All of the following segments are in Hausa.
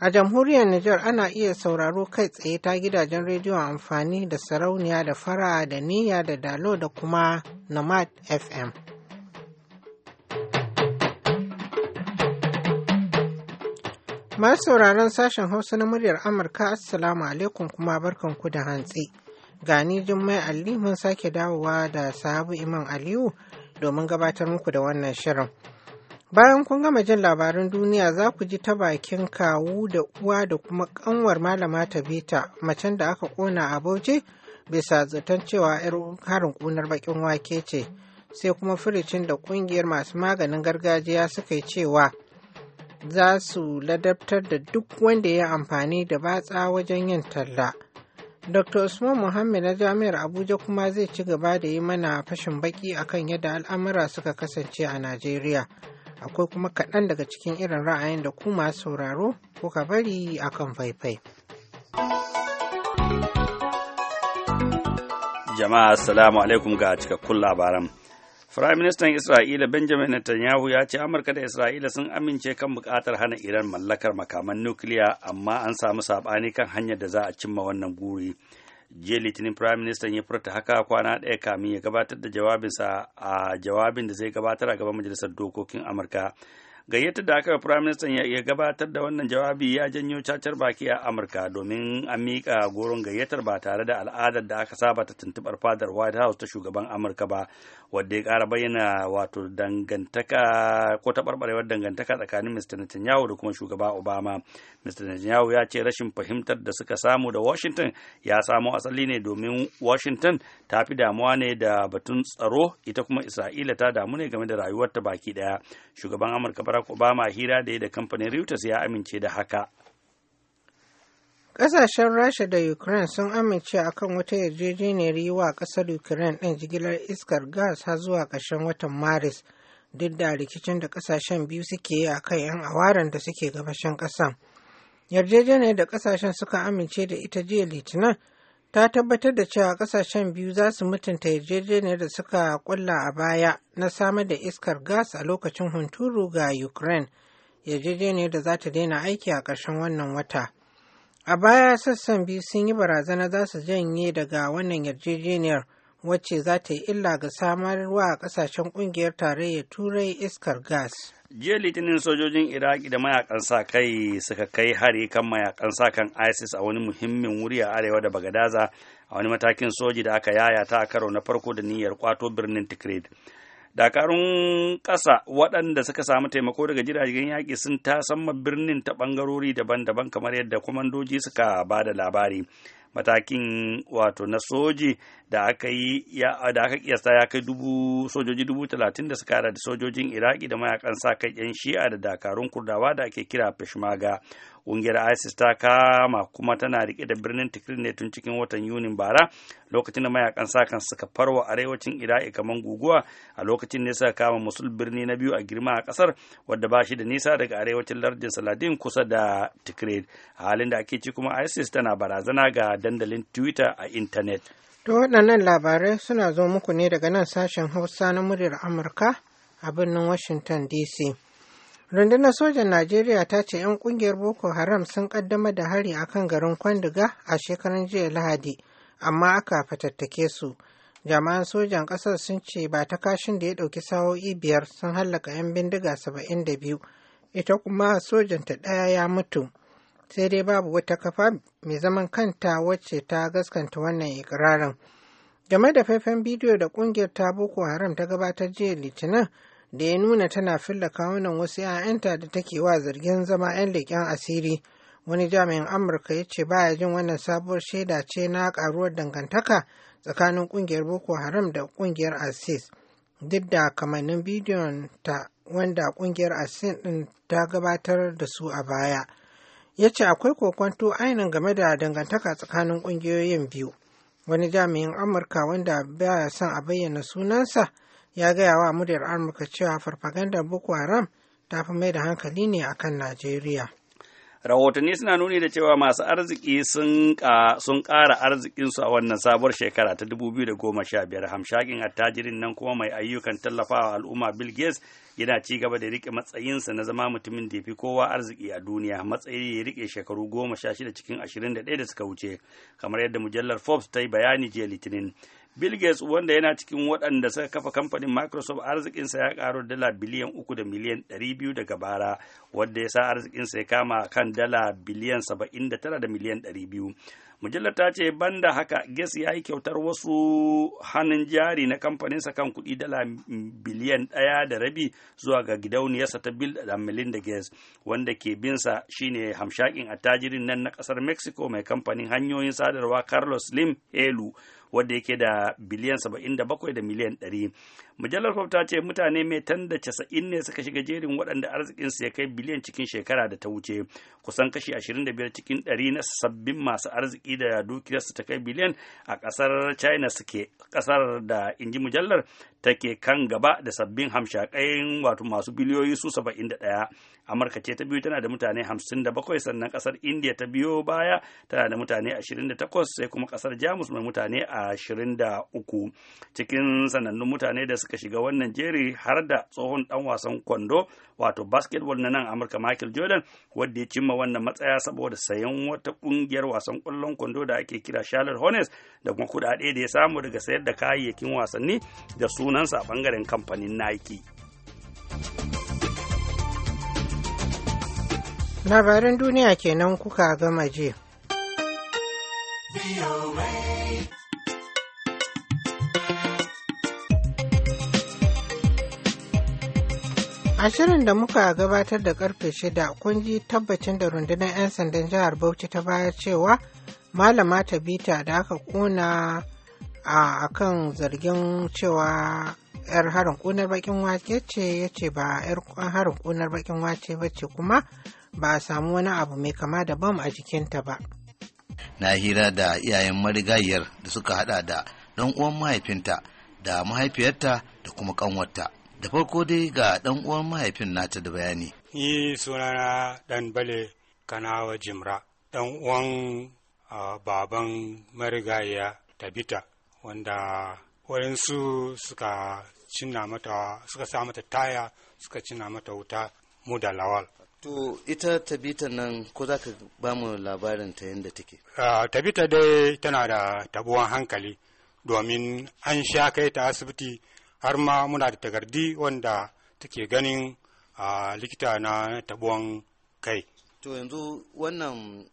A jamhuriyar Nijar ana iya sauraro kai tsaye ta gidajen rediyon amfani da sarauniya da fara da niyya da dalo da kuma Nomad FM. Masu sauraron sashen Hausa na muryar Amurka Assalamu alaikum kuma barkan ku da hantsi. Gani Jummai Ali mun sake dawowa da sahabu iman Aliyu domin gabatar muku da wannan shirin. Bayan kun gama jin labaran duniya za ku ji ta bakin kawu da uwa da kuma kanwar malama ta Tabita macen da aka kona a Bauchi bisa zaton cewa yar harin kunar bakin wake ce. Sai kuma firicin da kungiyar masu maganin gargajiya suka yi cewa za su ladabtar da duk wanda ya amfani da batsa wajen yin talla. Dr. Usman Muhammad na Jami'ar Abuja kuma zai ci gaba da yi mana fashin baki akan yadda al'amura suka kasance a Najeriya. akwai kuma kaɗan daga cikin irin ra'ayin da ku masu sauraro ka bari akan faifai. Jama'a Assalamu alaikum ga cikakkun labaran. Firayim Ministan Isra'ila Benjamin Netanyahu ya ce Amurka da Isra'ila sun amince kan bukatar hana Iran mallakar makaman nukiliya amma an samu saɓani kan hanyar da za a cimma wannan guri. jiya litinin prime minister ya furta haka kwana ɗaya kamin ya gabatar da jawabinsa a jawabin da zai gabatar a gaban majalisar dokokin amurka gayyatar da aka firaministan ya gabatar da wannan jawabi ya janyo cacar baki a amurka domin a miƙa goron gayyatar ba tare da al'adar da aka saba ta tuntubar fadar white house ta shugaban amurka ba wadda ya kara bayyana wato dangantaka ko taɓarɓarewar dangantaka tsakanin mr netanyahu da kuma shugaba obama mr netanyahu ya ce rashin fahimtar da suka samu da washington ya samo asali ne domin washington ta fi damuwa ne da batun tsaro ita kuma isra'ila ta damu ne game da rayuwarta baki ɗaya shugaban amurka barack obama hira da ya da kamfanin reuters ya amince da haka Ƙasashen Rasha da Ukraine sun amince a kan wata yarjejeniyar yi wa ƙasar Ukraine ɗin jigilar iskar gas har zuwa ƙarshen watan Maris duk da rikicin da ƙasashen biyu suke yi a kan 'yan awaran da suke gabashin ƙasan. Yarjejeniyar da ƙasashen suka amince da ita jiya Litinin ta tabbatar da cewa kasashen biyu za su mutunta yarjejeniyar da suka kulla a baya na samar da iskar gas a lokacin hunturu ga ukraine yarjejeniyar da za ta daina aiki a ƙarshen wannan wata a baya sassan biyu sun yi barazana za su janye daga wannan yarjejeniyar wacce za ta yi illa ga samarwa kasashen kungiyar tarayyar turai iskar gas jiya litinin sojojin iraki da mayakan sa kai suka kai hari kan mayakan sa kan isis a wani muhimmin wuri a arewa da bagadaza a wani matakin soji da aka yayata a karo na farko da niyyar kwato birnin tikrit dakarun ƙasa waɗanda suka samu taimako daga jiragen yaƙi sun ta tasamma birnin ta ɓangarori daban-daban kamar yadda kwamandoji suka ba da labari matakin wato na soji da aka yi da aka kiyasta ya kai dubu sojoji dubu talatin da suka da sojojin iraki da mayakan sa kai yan shi'a da dakarun kurdawa da ake kira peshmerga ƙungiyar isis ta kama kuma tana rike da birnin tikrit ne tun cikin watan yunin bara lokacin da mayakan sa kan suka farwa arewacin iraki kamar guguwa a lokacin ne suka kama musul birni na biyu a girma a kasar wadda ba shi da nisa daga arewacin lardin saladin kusa da tikrit halin da ake ci kuma isis tana barazana ga dandalin twitter a intanet To waɗannan labarai suna zo muku ne daga nan sashen Hausa na muryar Amurka a birnin Washington DC. Rundunar sojan Najeriya ta ce 'yan ƙungiyar Boko Haram sun ƙaddamar da hari a kan garin Kwandiga a shekaran jiya Lahadi, amma aka fatattake su. Jama'an sojan ƙasar sun ce ba ta kashin da ya ɗauki sawo'i biyar sun hallaka 'yan bindiga saba'in da biyu, ita kuma sojanta ɗaya ya mutu. sai dai babu wata kafa mai zaman kanta wacce ta gaskanta wannan ikirarin. Game da faifan bidiyo da kungiyar ta Boko Haram ta gabatar jiya Litinin da ya nuna tana filla kawunan wasu 'ya'yanta da take wa zargin zama 'yan leƙen asiri. Wani jami'in Amurka ya ce baya jin wannan sabuwar shaida ce na karuwar dangantaka tsakanin kungiyar Boko Haram da kungiyar asis Duk da kamannin bidiyon ta wanda kungiyar asis ɗin ta gabatar da su a baya. ya ce akwai kokwanto ainihin game da dangantaka tsakanin ƙungiyoyin biyu wani jami'in amurka wanda baya son a bayyana sunansa ya gaya wa muryar amurka cewa farfaganda boko haram ta fi mai da hankali ne akan najeriya rahotanni suna nuni da cewa masu arziki sun ƙara arzikinsu a wannan sabuwar shekara ta 2015 hamshakin attajirin nan kuma mai ayyukan tallafawa al'umma bill gates yana ci gaba da rike matsayinsa na zama mutumin da fi kowa arziki a duniya matsayi ya rike shekaru goma sha shida cikin ashirin da ɗaya da suka wuce kamar yadda mujallar forbes ta yi bayani jiya litinin Bill Gates wanda yana cikin waɗanda suka kafa kamfanin Microsoft arzikinsa ya ƙaru dala biliyan uku da miliyan ɗari biyu daga bara wanda ya sa arzikinsa ya kama kan dala biliyan saba'in da tara da miliyan ɗari biyu. Mujallar ta ce banda haka Gates ya yi kyautar wasu hannun jari na kamfaninsa kan kuɗi dala biliyan ɗaya da rabi zuwa ga gidauniyarsa ta Bill da Melinda Gates wanda ke binsa shine hamshakin attajirin nan na ƙasar Mexico mai kamfanin hanyoyin sadarwa Carlos Slim Helu wanda yake da biliyan 77 da miliyan 100 mujallar Forbes ta ce mutane mai da casa'in ne suka shiga jerin waɗanda arzikinsu ya kai biliyan cikin shekara da ta wuce kusan kashi 25 cikin ɗari na sabbin masu arziki da dukiyarsu ta kai biliyan a ƙasar china suke ƙasar da inji mujallar take kan gaba da sabbin hamshakain wato masu biliyoyi su 71 amurka ce ta biyu tana da mutane 57 sannan ƙasar india ta biyo baya tana da mutane 28 sai kuma ƙasar jamus mai mutane 23 cikin sanannun mutane da suka shiga wannan jeri har da tsohon dan wasan kwando wato basketball na nan amurka michael jordan wadda ya cimma wannan matsaya saboda sayan wata kungiyar wasan kwallon kwando da ake kira charlotte hornets da kuma kudade da ya samu daga sayar da kayayyakin wasanni da sunansa a bangaren kamfanin nike labaran duniya kenan kuka gama je. A shirin da muka gabatar da karfe shida kun ji tabbacin da rundunar 'yan sandan jihar Bauchi ta baya cewa malama ta bita da aka kuna a kan zargin cewa 'yar harin kunar bakin wake ce ya ce ba 'yar harin kunar bakin wace ba ce kuma ba a samu wani abu mai kama da bam a jikinta ba. na hira da iyayen marigayiyar da suka hada da ɗan uwan mahaifinta da mahaifiyarta da kuma kanwarta. da farko dai ga ɗan uwan mahaifin nata da bayani ni sunana ɗan bale kanawa jimra ɗan uwan baban marigaya tabita wanda waɗansu suka cinna mata suka sa mata taya suka cinna mata wuta mu da lawal to ita tabita nan ko za ka ba mu labarin ta yadda take tabita dai tana da tabuwan hankali domin an sha kai ta asibiti har ma muna da takardi wanda take ganin a likita na tabuwan kai to yanzu wannan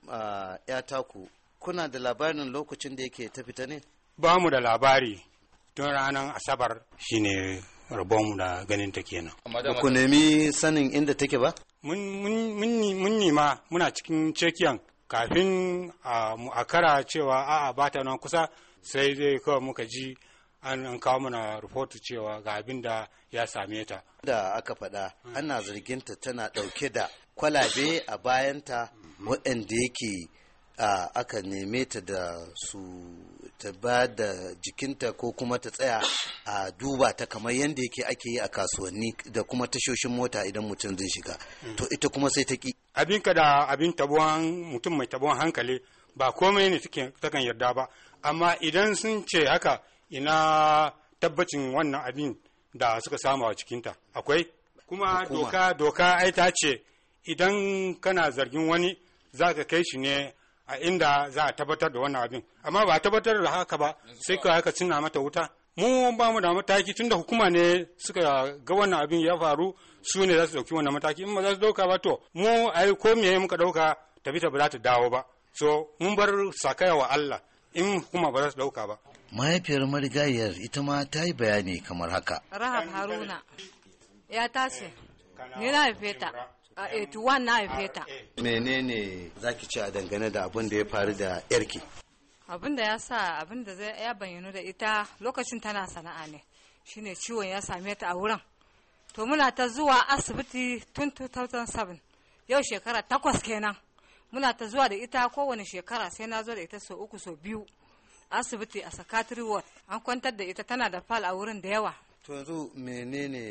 ya taku kuna da labarin lokacin da yake ta fita ne ba mu da labari tun ranar asabar Shi shine mu da ganin ta kenan ba ku nemi sanin inda take ba mun nima muna cikin cekiyan kafin a kara cewa a'a ba ta nan kusa sai dai kawai muka ji an kawo mana rahoto cewa ga abin da ya same ta da aka faɗa ana zargin ta tana ɗauke da kwalabe a bayanta waɗanda yake aka neme ta da su ta ba da jikinta ko kuma ta tsaya a duba ta kamar yadda yake ake yi a kasuwanni da kuma tashoshin mota idan mutum zai shiga to ita kuma sai ta ki abinka da abin tabuwan mutum mai tabuwan hankali ba komai ne takan yarda ba amma idan sun ce haka ina tabbacin wannan abin da suka samu a cikinta akwai kuma doka doka ai ta ce idan kana zargin wani za ka kai shi ne a inda za a tabbatar da wannan abin amma ba tabbatar da haka ba sai ka haka cinna mata wuta mu ba mu da mataki tunda hukuma ne suka ga wannan abin ya faru su ne za su dauki wannan mataki in ba za su dauka ba to mu ai ko me muka dauka tafi ta ba za ta dawo ba so mun bar sakaya wa Allah in hukuma ba za su dauka ba mahaifiyar marigayar ita ma ta yi bayani kamar haka rahab haruna ya tashi ni na haife ta a 81 na haife ta menene ki ci a dangane da abin da ya faru da yarki abin da ya sa abin da zai ya bayyana da ita lokacin tana sana'a ne shine ciwon ya same ta a wurin to muna ta zuwa asibiti tun 2007 yau shekara takwas kenan muna ta zuwa da ita kowane shekara sai na zo da ita sau uku sau biyu asibiti a sakatari ward an kwantar da ita tana da fal a wurin da yawa to yanzu menene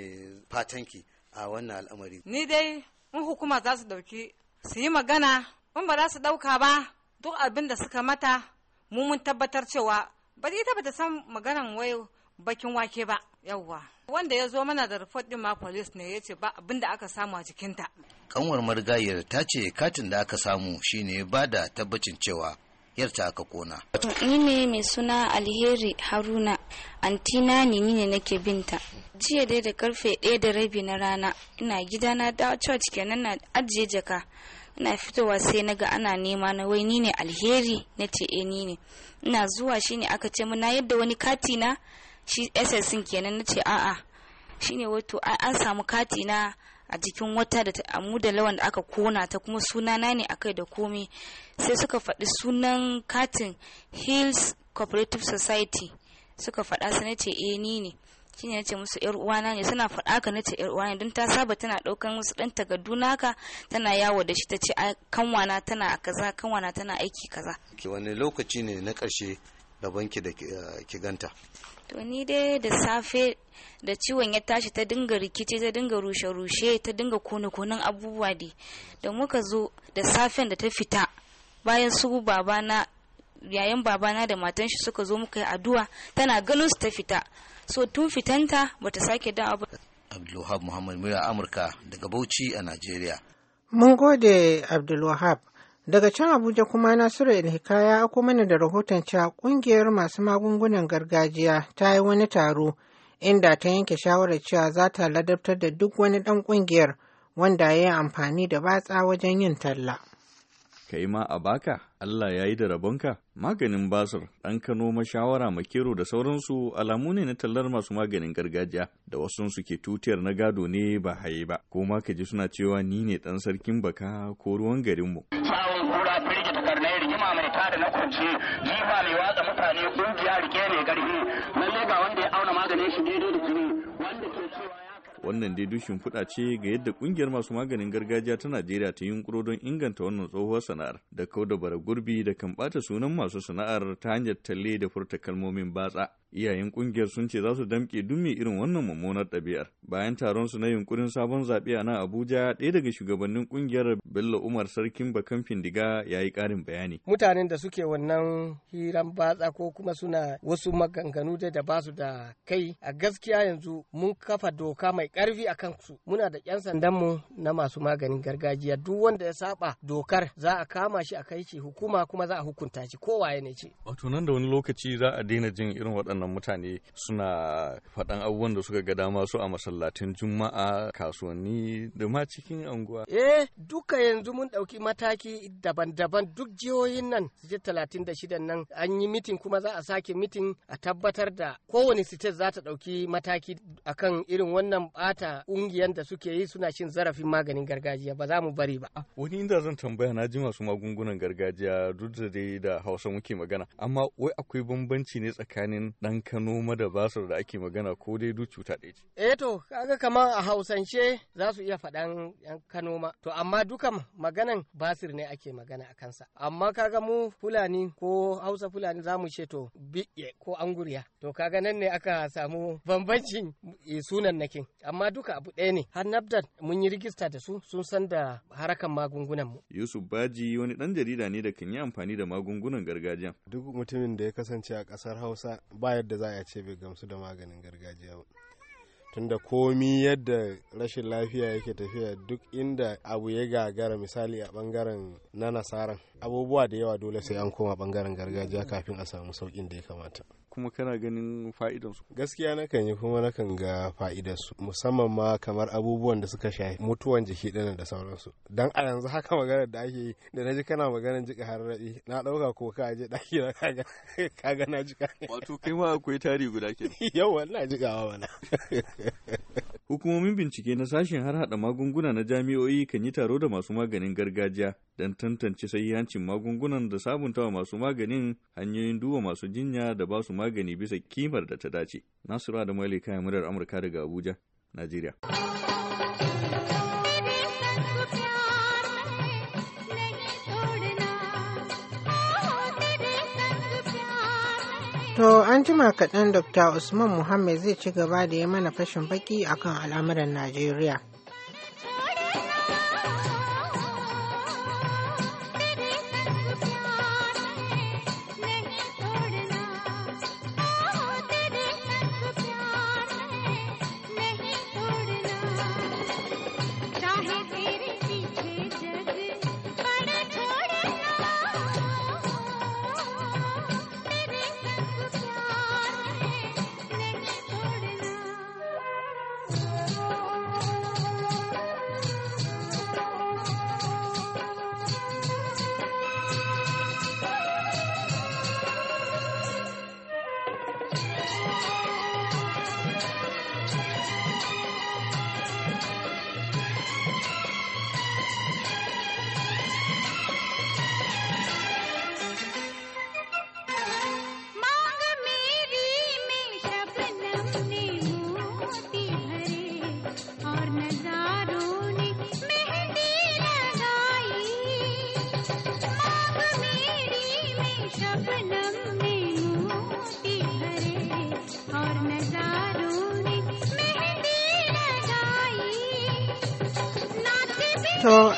fatanki a wannan al'amari ni dai in hukuma za su dauki su yi magana in ba za su dauka ba duk abin da suka mata mu mun tabbatar cewa ba ita ba ta san maganan wai bakin wake ba yawwa wanda ya zo mana da report din ma police ne ya ce ba abin da aka samu a jikinta kanwar margayar ta ce katin da aka samu shine ba da tabbacin cewa yarta aka kona. Ni ne mai suna Alheri Haruna, antina ne ni ne nake binta. Jiya dai da karfe ɗaya da rabi na rana, ina gida na da church kenan na ajiye jaka. Ina fitowa sai naga ana nema na wai ni ne alheri na ce e ni ne. Ina zuwa shine aka ce na yadda wani kati na shi SS kenan na ce a'a. shine wato an samu kati na a jikin wata da da lawan da aka kona ta kuma sunana ne akai da komai sai suka faɗi sunan katin hills cooperative society suka faɗa su na ce eh ni ne shine ne ce musu yar uwana ne suna faɗa ka na ce yar uwana don ta saba tana ɗaukan wasu ɗan takardu naka tana yawo da shi ta ce kanwana tana a kaza kanwana tana aiki kaza. wani lokaci ne na ƙarshe daban ki da eh, ki ganta to ni dai da safe da ciwon ya tashi ta dinga rikici ta dinga rushe-rushe ta dinga kone-konen abubuwa dai da muka zo da safen da ta fita bayan su babana yayin babana da matan shi suka zo muka yi addu'a tana ganin su ta fita so tun fitanta bata sake da abu Abdulwahab Muhammad Mura Amurka daga Bauchi a Najeriya. Mun gode Abdulwahab. Daga can Abuja kuma Nasiru Ilhikaya ya kuma mana da rahoton cewa kungiyar masu magungunan gargajiya ta yi wani taro inda ta yanke shawarar cewa za ta ladabtar da duk wani ɗan kungiyar wanda ya yi amfani da batsa wajen yin talla. kai ma a baka Allah ya yi da rabonka maganin basir ɗan kano mashawara makero da sauransu alamu ne na tallar masu maganin gargajiya da wasu suke ke tutiyar na gado ne ba haye ba ko ma ka ji suna cewa ni ne ɗan sarkin baka ko ruwan garinmu. Sawon kura firgi takardar rigima mai tada na kwance jifa mai watsa mutane ƙungiya rike mai garhi lalle ga wanda ya auna maganin shi daidai da jini wannan dai dushin shimfiɗa ce ga yadda kungiyar masu maganin gargajiya ta najeriya ta yunkuro don inganta wannan tsohuwar sana'ar da kau da bara gurbi da kan bata sunan masu sana'ar ta hanyar talle da furta kalmomin batsa Iyayen kungiyar sun ce za su damke duk irin wannan mummunar ɗabi'ar. Bayan taron su na yunkurin sabon zaɓe a Abuja, ɗaya daga shugabannin kungiyar Bello Umar Sarkin Bakan Findiga ya yi ƙarin bayani. Mutanen da suke wannan hiran batsa ko kuma suna wasu maganganu da da basu da kai a gaskiya yanzu mun kafa doka mai ƙarfi a su Muna da ƴan sandanmu na masu maganin gargajiya duk wanda ya saba dokar za a kama shi a kai shi hukuma kuma za a hukunta shi kowa ya ne ce. Wato nan da wani lokaci za a daina jin irin waɗannan waɗannan mutane suna faɗan abubuwan da suka ga dama su a masallatin juma'a kasuwanni da ma cikin anguwa. Eh duka yanzu mun ɗauki mataki daban-daban duk jihohin nan state talatin da shidan nan an yi mitin kuma za a sake mitin a tabbatar da kowane state za ta ɗauki mataki akan irin wannan bata ƙungiyar da suke yi suna shin zarafin maganin gargajiya ba za mu bari ba. Wani inda zan tambaya na ji masu magungunan gargajiya duk da dai da Hausa muke magana amma wai akwai bambanci ne tsakanin ɗankano madabasar da da ake magana ko dai duk cuta ɗaya ce. Eh to, kaga kamar a Hausance za su iya faɗan kano ma. To amma dukan maganan basir ne ake magana a kansa. Amma kaga mu Fulani ko Hausa Fulani za mu ce to bi'ye ko anguriya. To kaga nan ne aka samu bambancin eh, sunan nakin. Amma duka abu ɗaya ne. Har Nabdan mun yi rigista da su sun san da harakan magungunan mu. Yusuf Baji wani ɗan jarida ne da kan yi amfani da magungunan gargajiya. Duk mutumin da ya kasance a ƙasar Hausa ba yadda za a ce bai gamsu da maganin gargajiya ba tunda komi yadda rashin lafiya yake tafiya duk inda abu ya gagara misali a bangaren na nasaran abubuwa da yawa dole sai an koma bangaren gargajiya kafin a samu saukin da ya kamata kuma kana ganin fa'idansu gaskiya na kan yi kuma na kan ga fa'idansu musamman ma kamar abubuwan da suka shafi mutuwan jiki ɗin da sauransu dan a yanzu haka magana da ake yi da na ji kana maganar jika har na ɗauka ko ka je ɗaki na kaga kaga na jika wato kai ma akwai tari guda ke yau wannan jikawa mana Hukumomin bincike na sashen har hada magunguna na jami'o'i kan yi taro da masu maganin gargajiya don tantance sahihancin magungunan da sabunta wa masu maganin hanyoyin duba masu jinya da ba su magani bisa kimar da ta dace. Nasiru da Malika murar Amurka daga Abuja, Najeriya. To an jima kaɗan Dr. Usman Muhammad zai ci gaba da ya mana fashin baki akan al'amuran Najeriya.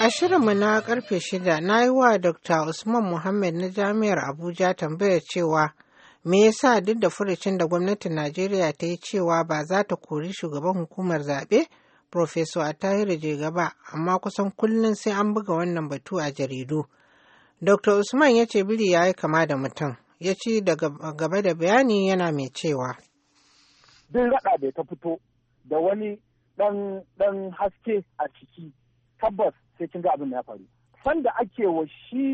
A shirinmu na karfe shida na yi wa Dr. Usman Muhammad na Jami'ar Abuja tambayar cewa me yasa duk da furucin da gwamnatin Najeriya ta yi cewa ba za ta kori shugaban hukumar zaɓe tahiru Attahiru ba, amma kusan kullum sai an buga wannan batu a jaridu. Dr. Usman ya ce biri ya yi kama da mutum, ya ci gaba da bayani yana mai cewa. Duk raɗa ta fito da wani ɗan haske a ciki tabbas sai kin ga abin da ya faru sanda ake wa shi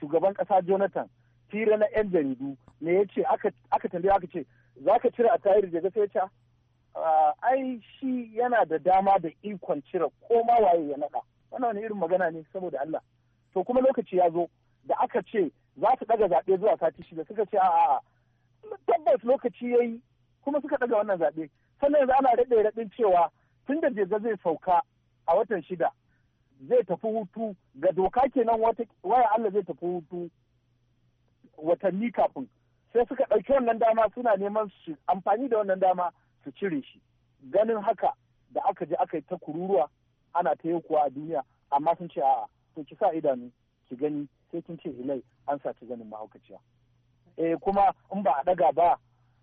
shugaban kasa jonathan hira na yan jaridu ne ya ce aka tambaye aka ce za ka cire a tayar da sai ya ce ai shi yana da dama da ikon cire ko ma waye ya naɗa wannan wani irin magana ne saboda Allah to kuma lokaci ya zo da aka ce za su ɗaga zaɓe zuwa sati shida suka ce a'a tabbas lokaci ya yi kuma suka ɗaga wannan zaɓe sannan yanzu ana raɗe raɗin cewa tun da zai sauka a watan shida zai tafi hutu ga doka kenan waya Allah zai tafi hutu watanni kafin sai suka ɗauki wannan dama suna neman su amfani da wannan dama su cire shi ganin haka da aka je aka yi ta kururuwa ana ta yi kuwa a duniya amma sun ce a'a to ki sa idanu ki gani sai kin ce hilai an sa saci ganin mahaukaciya eh kuma in ba a ɗaga ba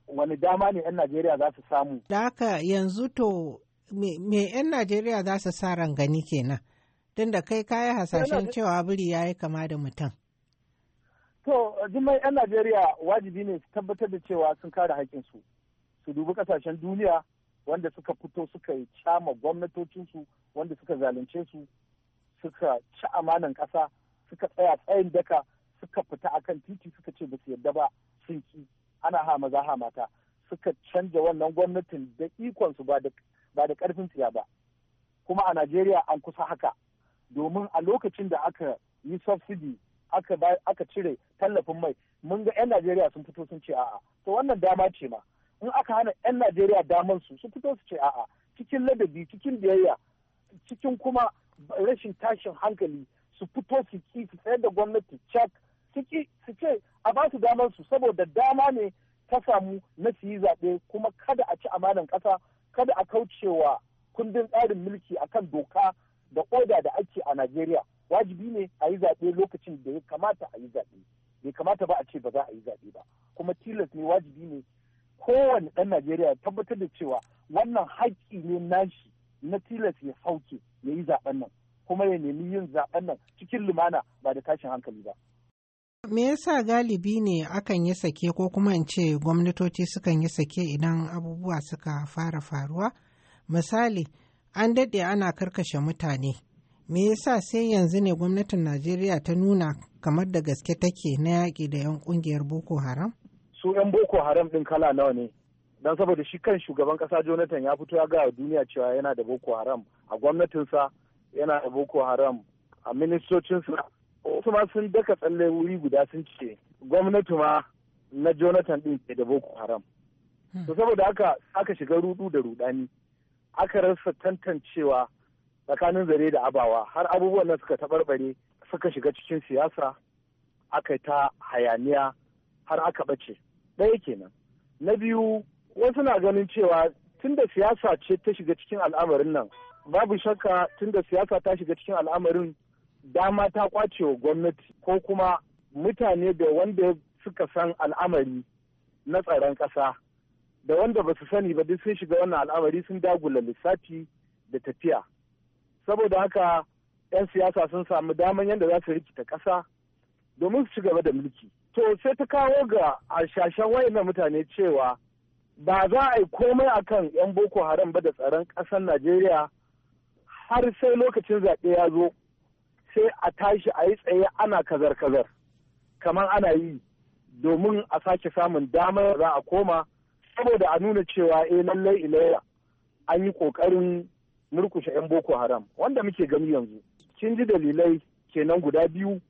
wani dama ne 'yan Najeriya za su samu. Da haka yanzu to me 'yan Najeriya za su sa ran gani kenan don da kai kayi hasashen cewa biri ya yi kama da mutum. To, jimai 'yan Najeriya wajibi ne su tabbatar da cewa sun kare haƙinsu, su dubi ƙasashen duniya wanda suka fito suka yi cama gwamnatocinsu wanda suka zalunce su suka ci amanan ƙasa suka tsaya tsayin daka suka fita a kan titi suka ce ba su yarda ba sun ki ana ha maza ha mata suka canja wannan gwamnatin da ikonsu ba da ba da karfin tsiya ba kuma a najeriya an kusa haka domin a lokacin da aka yi subsidy aka cire tallafin mai mun ga 'yan najeriya sun fito sun ce a'a to wannan dama ce ma in aka hana 'yan najeriya damar su su fito su ce a'a cikin ladabi cikin biyayya cikin kuma rashin tashin hankali su fito su ki su tsayar da gwamnati cak ciki su ce a ba su damar su saboda dama ne ta samu na su yi zaɓe kuma kada a ci amanan ƙasa kada a kaucewa kundin tsarin mulki akan doka da oda da ake a Najeriya wajibi ne a yi zaɓe lokacin da ya kamata a yi zaɓe bai kamata ba a ce ba za a yi zaɓe ba kuma tilas ne wajibi ne kowane ɗan Najeriya ya tabbatar da cewa wannan haƙƙi ne nashi na tilas ya sauke ya yi zaɓen nan kuma ya nemi yin zaɓen nan cikin lumana ba da tashin hankali ba. Me yasa galibi ne akan yi sake ko kuma in ce gwamnatoci sukan yi sake idan abubuwa suka fara faruwa? Misali, an daɗe ana karkashe mutane. Me yasa sai yanzu ne gwamnatin Najeriya ta nuna kamar da gaske take na yaƙi da 'yan ƙungiyar Boko Haram? Su 'yan Boko Haram ɗin kala nawa ne? Don saboda shi kan shugaban ƙasa Jonathan ya fito ya gaya duniya cewa yana da Boko Haram a gwamnatinsa yana da Boko Haram a ministocinsa wasu ma sun daka tsalle wuri guda sun ce gwamnati ma na jonathan din ke da boko haram hmm. to saboda haka aka shiga rudu da rudani aka rasa tantancewa tsakanin zare da abawa har abubuwan nan suka tabarbare suka shiga cikin siyasa aka ta hayaniya har aka bace. ɗaya kenan na biyu wasu na ganin cewa tunda siyasa ce ta shiga cikin al'amarin nan babu shakka tunda siyasa ta shiga cikin al'amarin dama ta kwace wa gwamnati ko kuma mutane da wanda suka san al'amari na tsaron ƙasa da wanda ba su sani ba duk sun shiga wannan al'amari sun dagula lissafi da tafiya saboda haka 'yan siyasa sun samu daman yadda za su rikita ƙasa domin su ci gaba da mulki to sai ta kawo ga ashashen wayannan mutane cewa ba za a yi komai akan 'yan boko haram ba da tsaron ƙasar najeriya har sai lokacin zaɓe ya zo sai a tashi a yi tsaye ana kazar-kazar kamar ana yi domin a sake samun damar za a koma saboda a nuna cewa eh lallai ilayya an yi ƙoƙarin murkushe 'yan boko haram wanda muke gani yanzu kin ji dalilai kenan guda biyu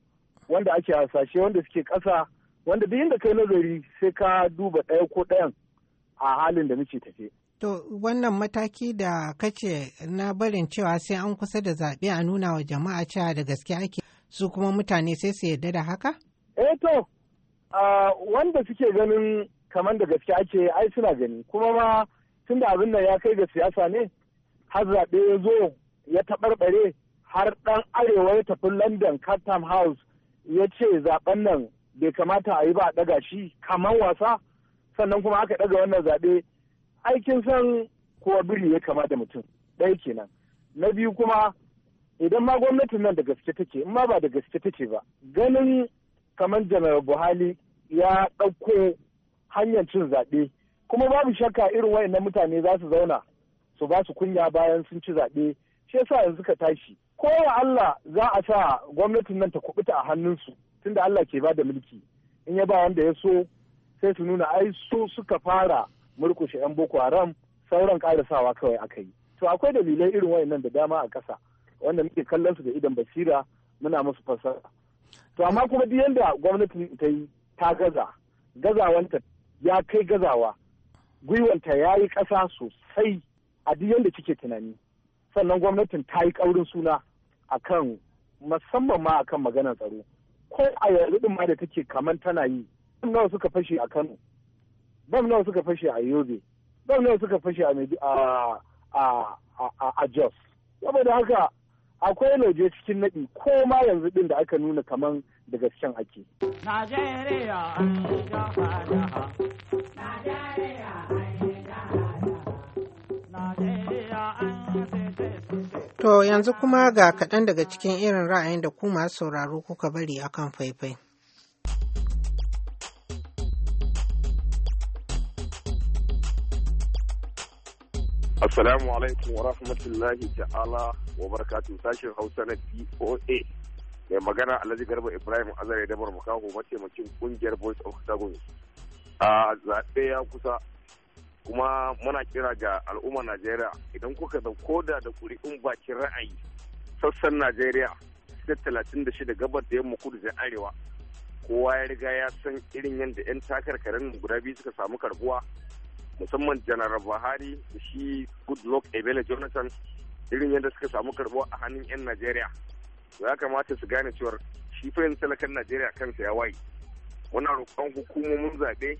wanda ake hasashe wanda suke ƙasa wanda duk inda kai nazari sai ka duba ɗaya ko ɗayan a halin da muke tafe To wannan mataki da kace na barin cewa sai an kusa da zaɓe a nuna wa jama'a cewa da gaske ake su kuma mutane sai su yarda da haka? Eh to, wanda suke ganin kamar da gaske ake ai suna gani kuma ma tun da abin nan ya kai ga siyasa ne har zaɓe ya zo ya taɓarɓare har ɗan arewa ya tafi London Cartam House ya ce zaɓen nan bai kamata a yi ba a ɗaga shi kamar wasa sannan kuma aka ɗaga wannan zaɓe aikin san kowa biri ya kama da mutum ɗaya kenan na biyu kuma idan ma gwamnatin nan da gaske take in ma ba da gaske take ba ganin kamar janar buhari ya ɗauko hanyar cin zaɓe kuma babu shakka irin wayannan mutane za su zauna su ba su kunya bayan sun ci zaɓe shi yasa yanzu ka tashi ko Allah za a sa gwamnatin nan ta kubuta a hannunsu tunda Allah ke ba da mulki in ya ba wanda ya so sai su nuna ai su suka fara murkushe 'yan boko haram sauran karasawa kawai aka yi to akwai dalilai irin wayannan da dama a ƙasa wanda muke kallon su da idan basira muna musu fassara to amma kuma duk yanda gwamnati ta yi ta gaza gazawanta ya kai gazawa gwiwanta ya yi ƙasa sosai a duk yanda kike tunani sannan gwamnatin ta yi ƙaurin suna kan musamman ma akan maganar tsaro ko a yanzu ma da take kaman tana yi nawa suka fashe a Kano bam nawa suka fashe a yobe bam nawa suka fashe a jos saboda haka akwai lauje cikin naɗi ko ma yanzu ɗin da aka nuna kaman da gasken ake. To yanzu kuma ga kaɗan daga cikin irin ra'ayin da ku masu sauraro kuka bari akan faifai. Assalamu alaikum wa rahmatullahi ta'ala wa barkatu sashen Hausa na DOA. Mai magana Alhaji Garba Ibrahim Azare Dabar Makaho mataimakin kungiyar Voice of Sagun. A zaɓe ya kusa kuma muna kira ga al'ummar Najeriya idan kuka da koda da ƙuri'un bakin ra'ayi sassan Najeriya da talatin da shida gabar da yamma kudu da arewa kowa ya riga ya san irin yadda 'yan takarkarin guda biyu suka samu karbuwa musamman janar buhari da shi goodluck ebele jonathan irin yadda suka samu karbo a hannun 'yan najeriya ya kamata su gane cewar shi fayin talakan najeriya kansa ya waye muna roƙon hukumomin zaɓe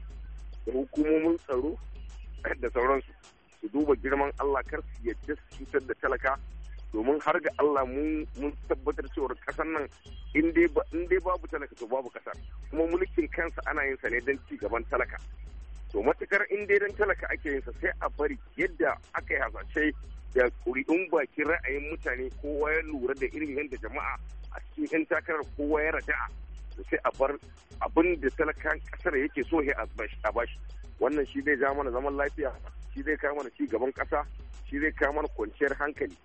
da hukumomin tsaro da sauransu su duba girman allah kar su yadda su cutar da talaka domin har ga allah mun tabbatar cewar ƙasar nan in dai babu talaka to babu ƙasar kuma mulkin kansa ana yin sa ne don ci gaban talaka to matukar in dai dan talaka ake yinsa sai a bari yadda aka yi hasashe da kuri'un bakin ra'ayin mutane kowa ya lura da irin yadda jama'a a cikin 'yan takarar kowa ya raja'a sai a bar abin da talakan kasar yake so ya a bashi wannan shi zai mana zaman lafiya shi zai kawo mana ci gaban kasa shi zai kawo mana kwanciyar hankali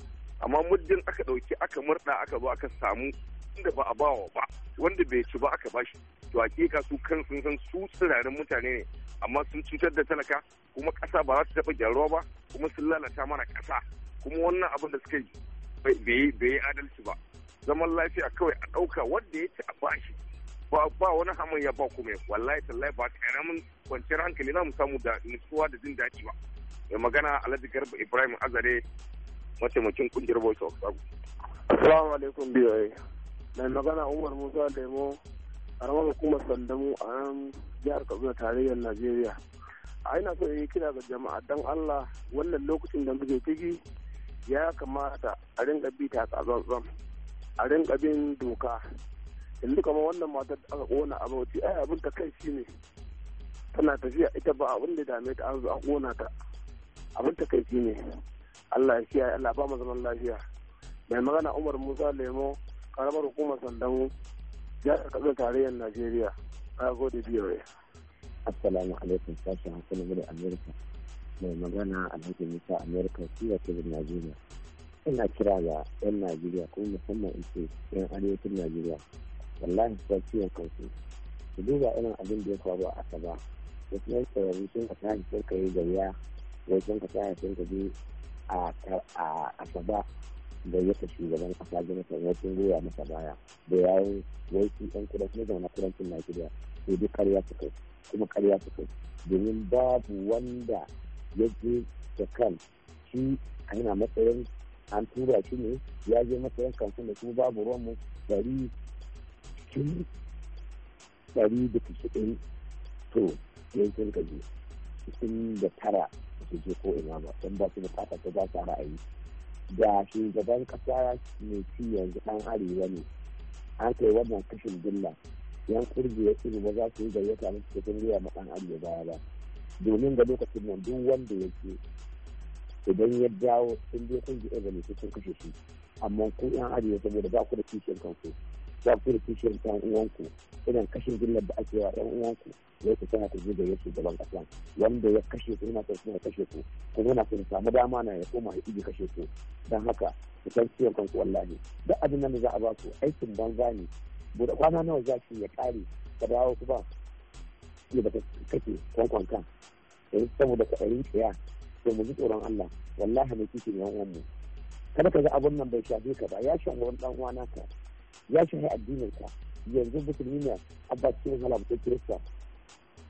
amma muddin aka ɗauki aka murɗa aka zo aka samu inda ba a bawa ba wanda bai ci ba aka bashi to hakika su kan sun san su sirarin mutane ne amma sun cutar da talaka kuma ƙasa ba za su taɓa gyaruwa ba kuma sun lalata mana ƙasa kuma wannan abin da suka yi bai yi adalci ba zaman lafiya kawai a ɗauka wanda ya ci a bashi ba ba wani ya ba kuma wallahi tallahi ba karamin kwanciyar hankali na mu samu da nutsuwa da jin daɗi ba mai magana alhaji garba ibrahim azare mataimakin kungiyar voice of sabu assalamu alaikum biyoyi mai magana umar musa lemo karamar hukumar sandamu a nan jihar kaduna tarayyar najeriya a ina so yi kira ga jama'a dan allah wannan lokacin da muke ciki ya kamata a rinka bi ta tsazan a rinka bin doka yanzu kamar wannan matar da aka kona a bauti ai abin ta kai ne tana tafiya ita ba abin da dame ta arzu a kona ta abin ta kai ne allah ya kiyaye allah ba mu zaman lafiya mai magana umar musa lemo karamar hukumar sandamu ya kaɗa tarayyar najeriya na gode biyoyi assalamu alaikum sashen hankali da amerika mai magana alhaji musa amerika siya kebin najeriya ina kira ga 'yan najeriya kuma musamman in ce 'yan arewacin najeriya wallahi ta ciwon kansu su duba irin abin da ya faru a asaba da yan tsararru sun ka tashi sun ka yi gariya wai sun ka tashi sun ka je a asaba yake shugaban kasa jonathan ya sun goya masa baya da yawon waiki yan kudancin zama kudancin najeriya sai duk karya kai kuma karya su kai domin babu wanda ya je da kan shi yana matsayin an tura shi ne ya je matsayin kamfan da kuma babu mu ɗari cikin ɗari da cikin to yankin gaji cikin da tara su je ko ina ba don ba su bukata ta ba su ra'ayi da shugaban kasa mai ci yanzu dan arewa ne an kai wannan kashin gilla yan kurje ya ci ba za su yi gayyata na cikin riya ma dan arewa baya ba domin ga lokacin nan duk wanda ya ce idan ya dawo sun je kun ji izini su sun kashe su amma ku yan arewa saboda ba ku da kishiyar kanku ba ku da kishiyar kan uwanku idan kashin gillar da ake wa yan uwanku tana ta da yake su gaban kasan wanda ya kashe su yana son ya kashe su kuma yana son samu dama na ya koma ya iji kashe ku. don haka su san ciwon kanku wallahi duk abin nan da za a ba su aikin banza ne bude kwana nawa za ki ya kare ka dawo ku ba ya ba ta kake kwankwan kan eh, saboda ka ɗari tsaya to mu ji tsoron Allah wallahi ne kike ne yan mu kada ka ga abun nan bai shafe ka ba ya shafe wani dan uwa naka ya shafe addinin ka yanzu musulmi ne abba cikin halabtar kirista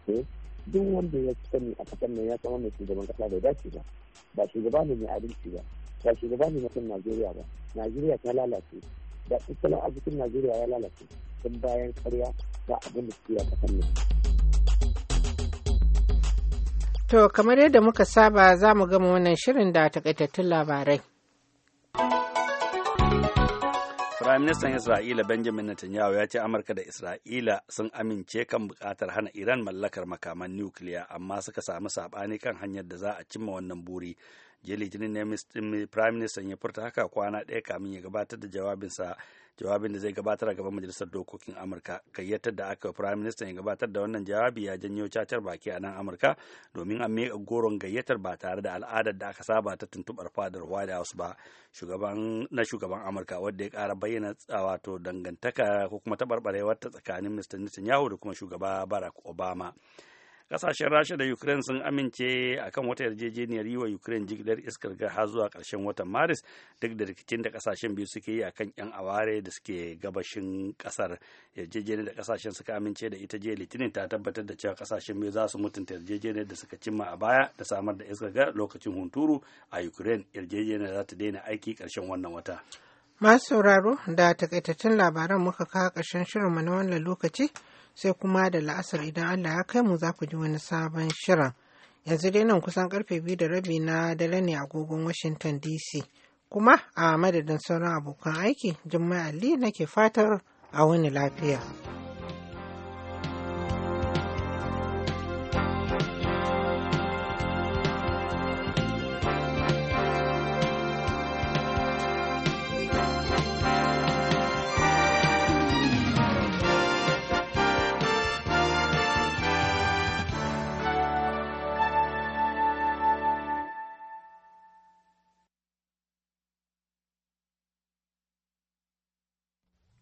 ce duk wanda ya sani a kasar nan ya zama mai shugaban kasa bai dace ba ba shugaba ne mai adalci ba ba shugaba ne na najeriya ba najeriya ta lalace da tattalin arzikin najeriya ya lalace tun bayan karya ga abin da suke a kasar nan. To kamar yadda muka saba za mu gama wannan shirin da takaitattun labarai. Prime Minister Isra'ila Benjamin Netanyahu ya ce Amurka da Isra'ila sun amince kan bukatar hana Iran mallakar makaman nukiliya amma suka samu sabani kan hanyar da za a cimma wannan buri. Jiya ne Prime Minister ya furta haka kwana ɗaya kamin ya gabatar da jawabinsa jawabin da zai gabatar a gaban majalisar dokokin amurka gayyatar da aka firayim ministan ya gabatar da wannan jawabi ya janyo cacar baki a nan amurka domin an miƙa goron gayyatar ba tare da al'adar da aka saba ta tuntubar fadar white house ba shugaban na shugaban amurka wadda ya kara bayyana wato dangantaka ko kuma taɓarɓarewar ta tsakanin mr netanyahu da kuma shugaba barack obama kasashen rasha da ukraine sun amince akan wata yarjejeniyar yi wa ukraine jigilar iskar gas har zuwa karshen watan maris duk da rikicin da kasashen biyu suke yi akan yan aware da suke gabashin kasar yarjejeniyar da kasashen suka amince da ita jiya litinin ta tabbatar da cewa kasashen biyu za su mutunta yarjejeniyar da suka cimma a baya da samar da iskar ga lokacin hunturu a ukraine yarjejeniyar za ta daina aiki karshen wannan wata masu sauraro da takaitattun labaran muka kawo ƙarshen shirinmu na wannan lokaci sai kuma da la'asar idan Allah ya kai mu za ku ji wani sabon shirin. Yanzu dai nan kusan karfe biyu da rabi na dare ne a agogon Washington DC. Kuma a madadin sauran abokan aiki, Jummai Ali nake fatar a wani lafiya.